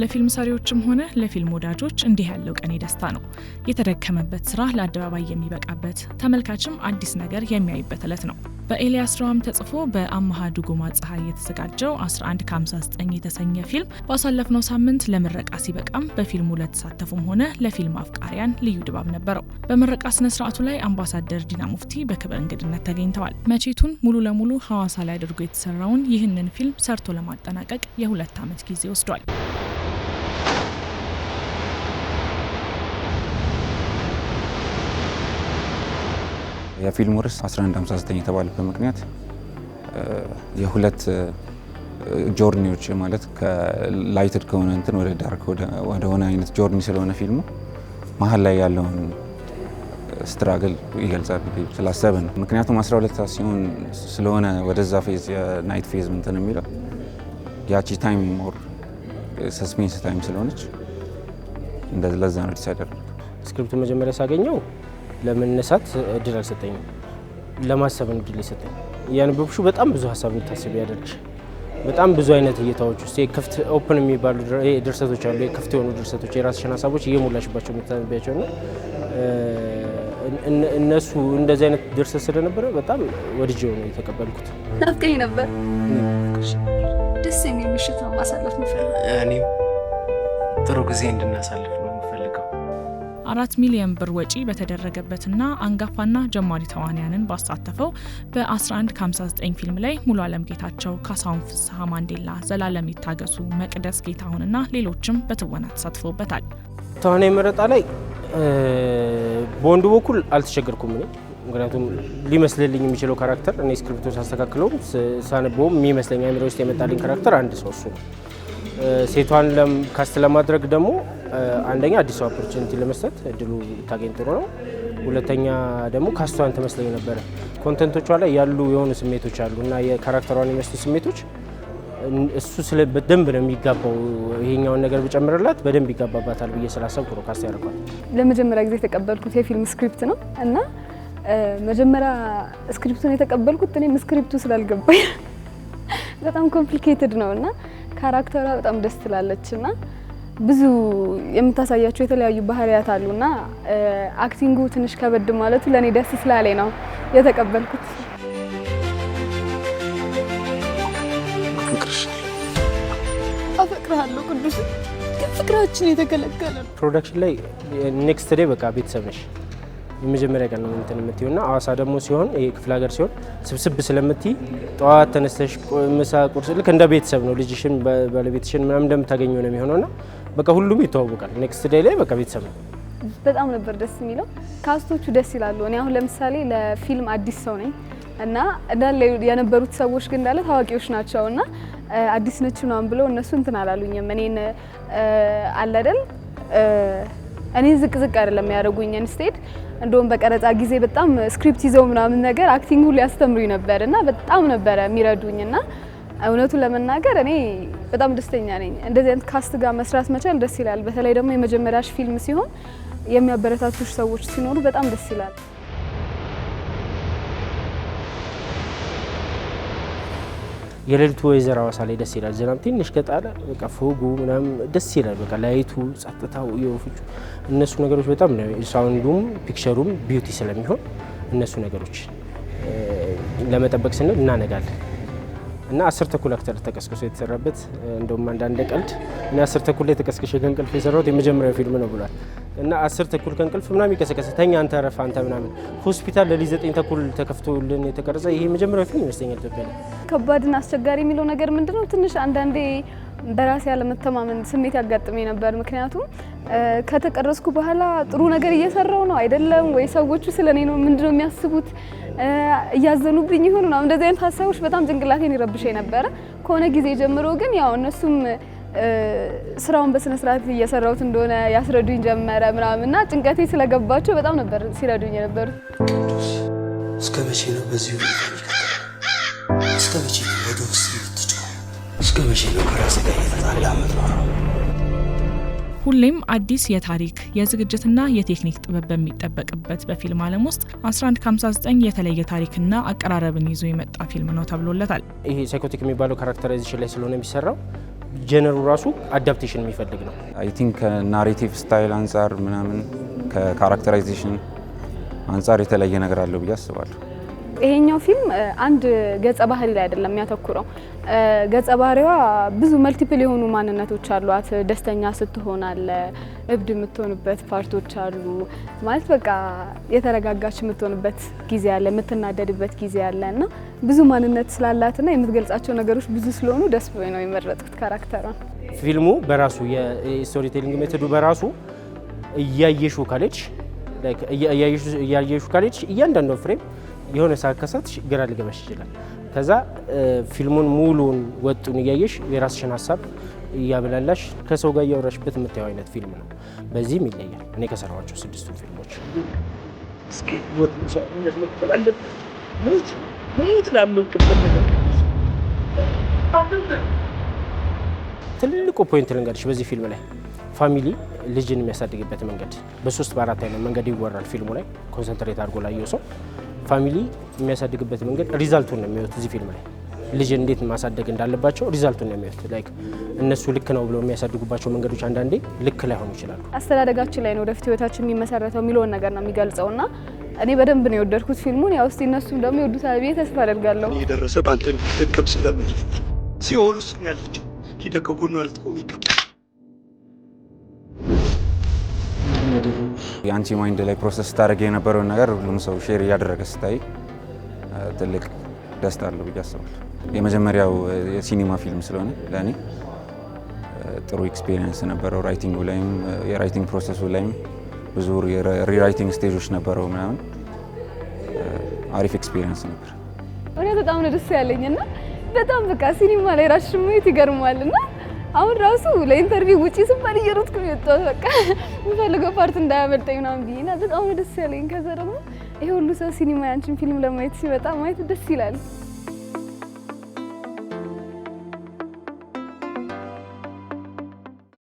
ለፊልም ሰሪዎችም ሆነ ለፊልም ወዳጆች እንዲህ ያለው ቀን ደስታ ነው። የተደከመበት ስራ ለአደባባይ የሚበቃበት፣ ተመልካችም አዲስ ነገር የሚያይበት ዕለት ነው። በኤልያስ ረዋም ተጽፎ በአማሃ ድጎማ ፀሐይ የተዘጋጀው 1159 የተሰኘ ፊልም ባሳለፍነው ሳምንት ለምረቃ ሲበቃም በፊልሙ ለተሳተፉም ሆነ ለፊልም አፍቃሪያን ልዩ ድባብ ነበረው። በምረቃ ስነ ስርዓቱ ላይ አምባሳደር ዲና ሙፍቲ በክብር እንግድነት ተገኝተዋል። መቼቱን ሙሉ ለሙሉ ሐዋሳ ላይ አድርጎ የተሰራውን ይህንን ፊልም ሰርቶ ለማጠናቀቅ የሁለት ዓመት ጊዜ ወስዷል። የፊልሙ ርዕስ 1159 የተባለበት ምክንያት የሁለት ጆርኒዎች ማለት ከላይትድ ከሆነ እንትን ወደ ዳርክ ወደሆነ አይነት ጆርኒ ስለሆነ ፊልሙ መሀል ላይ ያለውን ስትራግል ይገልጻል ስላሰብን። ምክንያቱም 12 ሰዓት ሲሆን ስለሆነ ወደዛ ፌዝ የናይት ፌዝ እንትን የሚለው ያቺ ታይም ሞር ሰስፔንስ ታይም ስለሆነች እንደለዛ ነው ዲሳይደር ስክሪፕቱን መጀመሪያ ሳገኘው ለመነሳት እድል አልሰጠኝም። ለማሰብ እድል የሰጠኝ ያንበብሹ በጣም ብዙ ሀሳብ እንድታስብ ያደርግሽ በጣም ብዙ አይነት እይታዎች ውስጥ የክፍት ኦፕን የሚባሉ ድርሰቶች አሉ። የክፍት የሆኑ ድርሰቶች የራስሽን ሀሳቦች እየሞላሽባቸው የምታነቢያቸው እና እነሱ እንደዚህ አይነት ድርሰት ስለነበረ በጣም ወድጄ ነው የተቀበልኩት። ናፍቀኝ ነበር። ደስ የሚል ምሽት ነው ማሳለፍ። እኔም ጥሩ ጊዜ እንድናሳልፍ ነው አራት ሚሊዮን ብር ወጪ በተደረገበትና አንጋፋና ጀማሪ ተዋንያንን ባሳተፈው በ1159 ፊልም ላይ ሙሉ አለም ጌታቸው፣ ካሳሁን ፍስሐ ማንዴላ፣ ዘላለም ይታገሱ፣ መቅደስ ጌታሁንና ሌሎችም በትወና ተሳትፎበታል። ተዋናይ መረጣ ላይ በወንዱ በኩል አልተቸገርኩም እኔ ምክንያቱም ሊመስልልኝ የሚችለው ካራክተር እኔ ስክሪፕቶ ሳስተካክለው ሳነበውም የሚመስለኝ አይምሮ ውስጥ የመጣልኝ ካራክተር አንድ ሰው እሱ ነው። ሴቷን ካስት ለማድረግ ደግሞ አንደኛ አዲስ ኦፖርቹኒቲ ለመስጠት እድሉ ታገኝ ጥሩ ነው። ሁለተኛ ደግሞ ካስቷን ትመስለኝ ነበረ። ኮንተንቶቿ ላይ ያሉ የሆኑ ስሜቶች አሉ እና የካራክተሯን የሚመስሉ ስሜቶች እሱ ስለ በደንብ ነው የሚጋባው። ይሄኛውን ነገር ብጨምርላት በደንብ ይጋባባታል ብዬ ስላሰብኩ ነው ካስ ያደርጓል። ለመጀመሪያ ጊዜ የተቀበልኩት የፊልም ስክሪፕት ነው እና መጀመሪያ ስክሪፕቱን የተቀበልኩት እኔም ስክሪፕቱ ስላልገባኝ በጣም ኮምፕሊኬትድ ነው እና ካራክተሯ በጣም ደስ ትላለች እና ብዙ የምታሳያቸው የተለያዩ ባህሪያት አሉና አክቲንጉ ትንሽ ከበድ ማለቱ ለእኔ ደስ ስላለኝ ነው የተቀበልኩት። አፈቅርሃለሁ ቅዱስ፣ ፍቅራችን የተከለከለ ፕሮዳክሽን ላይ ኔክስት ዴይ በቃ ቤተሰብ ነሽ። የመጀመሪያ ቀን ነው እንትን የምትይው እና አዋሳ ደግሞ ሲሆን ይሄ ክፍለ ሀገር ሲሆን ስብስብ ስለምትይ ጠዋት ተነስተሽ ምሳ፣ ቁርስ ልክ እንደ ቤተሰብ ነው ልጅሽን ባለቤትሽን ምናምን እንደምታገኘው ነው የሚሆነው እና በቃ ሁሉም ይተዋወቃል። ኔክስት ዴይ ላይ በቃ ቤተሰብ ነው። በጣም ነበር ደስ የሚለው። ካስቶቹ ደስ ይላሉ። እኔ አሁን ለምሳሌ ለፊልም አዲስ ሰው ነኝ እና እንዳለ የነበሩት ሰዎች ግን እንዳለ ታዋቂዎች ናቸው እና አዲስ ነች ምናምን ብለው እነሱ እንትን አላሉኝም። እኔን አለ አይደል እኔን ዝቅ ዝቅ አይደለም ያደረጉኝ ኢንስቴድ እንደውም በቀረጻ ጊዜ በጣም ስክሪፕት ይዘው ምናምን ነገር አክቲንግ ሁሉ ያስተምሩኝ ነበር እና በጣም ነበረ የሚረዱኝ እና እውነቱን ለመናገር እኔ በጣም ደስተኛ ነኝ። እንደዚህ አይነት ካስት ጋር መስራት መቻል ደስ ይላል። በተለይ ደግሞ የመጀመሪያሽ ፊልም ሲሆን የሚያበረታቱሽ ሰዎች ሲኖሩ በጣም ደስ ይላል። የሌሊቱ ወይዘር ሐዋሳ ላይ ደስ ይላል። ዝናብ ትንሽ ከጣለ በቃ ፎጉ ምናምን ደስ ይላል። በቃ ላይቱ፣ ጸጥታው፣ የወፎቹ እነሱ ነገሮች በጣም ነው። ሳውንዱም ፒክቸሩም ቢዩቲ ስለሚሆን እነሱ ነገሮች ለመጠበቅ ስንል እናነጋለን። እና አስር ተኩል አክተር ተቀስቅሶ የተሰራበት እንደውም አንዳንድ ቀልድ እና አስር ተኩል ላይ ተቀስቅሼ ከእንቅልፍ የሰራሁት የመጀመሪያው ፊልም ነው ብሏል። እና አስር ተኩል ከእንቅልፍ ምናምን ይቀሰቀሰ ተኛ አንተ ረፍ አንተ ምናምን ሆስፒታል ለሊ ዘጠኝ ተኩል ተከፍቶልን የተቀረጸ ይሄ የመጀመሪያው ፊልም ይመስለኛል ኢትዮጵያ ላይ። ከባድና አስቸጋሪ የሚለው ነገር ምንድነው? ትንሽ አንዳንዴ በራሴ ያለመተማመን ስሜት ያጋጥመኝ ነበር። ምክንያቱም ከተቀረስኩ በኋላ ጥሩ ነገር እየሰራው ነው አይደለም ወይ፣ ሰዎቹ ስለ እኔ ነው ምንድነው የሚያስቡት፣ እያዘኑብኝ ይሆኑ ነው። እንደዚህ አይነት ሀሳቦች በጣም ጭንቅላቴን ይረብሽ ነበረ። ከሆነ ጊዜ ጀምሮ ግን ያው እነሱም ስራውን በስነ ስርዓት እየሰራሁት እንደሆነ ያስረዱኝ ጀመረ ምናምንና ጭንቀቴ ስለገባቸው በጣም ነበር ሲረዱኝ የነበሩት። እስከ መቼ ነው በዚሁ እስከ መቼ ነው ወደ ውስጥ እስከ መቼ ነው ጋር የምትኖረው? ሁሌም አዲስ የታሪክ የዝግጅትና የቴክኒክ ጥበብ በሚጠበቅበት በፊልም ዓለም ውስጥ 1159 የተለየ ታሪክና አቀራረብን ይዞ የመጣ ፊልም ነው ተብሎለታል። ይሄ ሳይኮቲክ የሚባለው ካራክተራይዜሽን ላይ ስለሆነ የሚሰራው ጀነሩ ራሱ አዳፕቴሽን የሚፈልግ ነው። አይ ቲንክ ከናሬቲቭ ስታይል አንጻር ምናምን ከካራክተራይዜሽን አንጻር የተለየ ነገር አለው ብዬ አስባለሁ። ይሄኛው ፊልም አንድ ገጸ ባህሪ ላይ አይደለም የሚያተኩረው። ገጸ ባህሪዋ ብዙ መልቲፕል የሆኑ ማንነቶች አሏት። ደስተኛ ስትሆን አለ፣ እብድ የምትሆንበት ፓርቶች አሉ። ማለት በቃ የተረጋጋች የምትሆንበት ጊዜ አለ፣ የምትናደድበት ጊዜ አለ እና ብዙ ማንነት ስላላትና የምትገልጻቸው ነገሮች ብዙ ስለሆኑ ደስ ብሎኝ ነው የመረጥኩት ካራክተሯን። ፊልሙ በራሱ የስቶሪ ሜቶዱ በራሱ እያየሹ ካሌጅ እያየሹ ካሌጅ እያንዳንዱ ፍሬም የሆነ ሳከሳት ግራ ሊገባሽ ይችላል። ከዛ ፊልሙን ሙሉን ወጡን እያየሽ የራስሽን ሀሳብ እያብላላሽ ከሰው ጋር እያወራሽበት የምታየው አይነት ፊልም ነው። በዚህም ይለያል። እኔ ከሰራኋቸው ስድስቱ ፊልሞች ትልቁ ፖይንት ልንገርሽ በዚህ ፊልም ላይ ፋሚሊ ልጅን የሚያሳድግበት መንገድ በሶስት በአራት አይነት መንገድ ይወራል ፊልሙ ላይ ኮንሰንትሬት አድርጎ ላየው ሰው ፋሚሊ የሚያሳድግበት መንገድ ሪዛልቱን ነው የሚወት እዚህ ፊልም ላይ ልጅ እንዴት ማሳደግ እንዳለባቸው ሪዛልቱን ነው የሚወት ላይክ እነሱ ልክ ነው ብለው የሚያሳድጉባቸው መንገዶች አንዳንዴ ልክ ላይሆኑ ይችላሉ። አስተዳደጋችን ላይ ነው ወደፊት ህይወታችን የሚመሰረተው የሚለውን ነገር ነው የሚገልጸው እና እኔ በደንብ ነው የወደድኩት ፊልሙን። ያው እስቲ እነሱም ደግሞ ይወዱታል ብዬ ተስፋ አደርጋለሁ። የደረሰ በአንተ ሚጠቀም ስለምል ሲሆን ውስጥ ያለች ሂደህ አልጠው ይገባል የአንቺ ማይንድ ላይ ፕሮሰስ ስታደርግ የነበረውን ነገር ሁሉም ሰው ሼር እያደረገ ስታይ ትልቅ ደስታ አለው ብዬ አስባለሁ። የመጀመሪያው የሲኒማ ፊልም ስለሆነ ለእኔ ጥሩ ኤክስፔሪየንስ ነበረው። ራይቲንጉ ላይም የራይቲንግ ፕሮሰሱ ላይም ብዙ ሪራይቲንግ ስቴጆች ነበረው ምናምን አሪፍ ኤክስፒሪየንስ ነበር። እኔ በጣም ነው ደስ ያለኝ እና በጣም በቃ ሲኒማ ላይ ራሽ ሙት ይገርማል እና አሁን ራሱ ለኢንተርቪው ውጪ ስባል እየሮጥኩ ነው የወጣሁት። በቃ የምፈልገው ፓርት እንዳያመልጠኝ ምናምን ብዬ እና በጣም ደስ ያለኝ። ከዛ ደግሞ ይሄ ሁሉ ሰው ሲኒማ ያንቺን ፊልም ለማየት ሲመጣ ማየት ደስ ይላል።